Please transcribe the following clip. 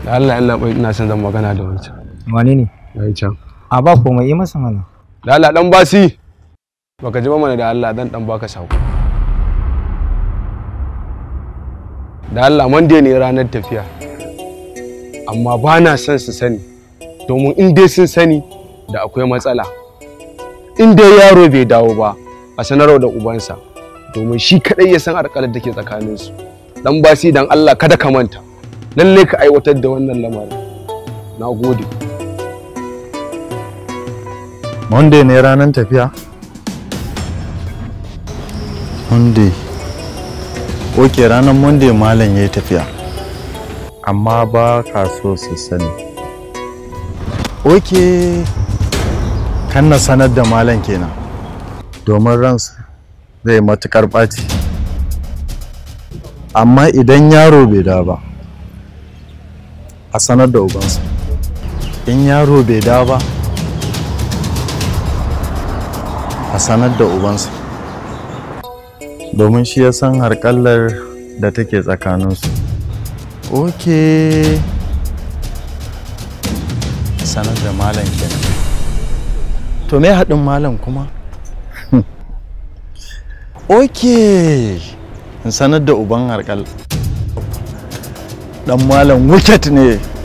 Da Allah Allah bai ina son zan magana da wancan wane ne yayi can a ba komai yi masa mana da Allah dan basi baka ji ba mana da Allah dan dan baka sako da Allah monday ne ranar tafiya amma ba na son su sani domin in dai sun sani da akwai matsala in dai yaro bai dawo ba a sanarwa da ubansa domin shi kadai ya san alƙalar da ke tsakaninsu dan basi dan Allah kada ka manta lalle ka aiwatar da wannan lamarin na gode monday ne ranar tafiya monday ok ranar monday malam ya yi tafiya amma ba ka so su sani ok kan na sanar da malam kenan domin ransa zai matukar ɓaci amma idan yaro bai da ba a sanar da ubansa. in yaro bai da ba a sanar da ubansa. domin shi ya san harƙallar da take tsakaninsu ok sanar da malam kenan to me haɗin malam kuma ok in sanar da uban harƙallar dan malam wicket ne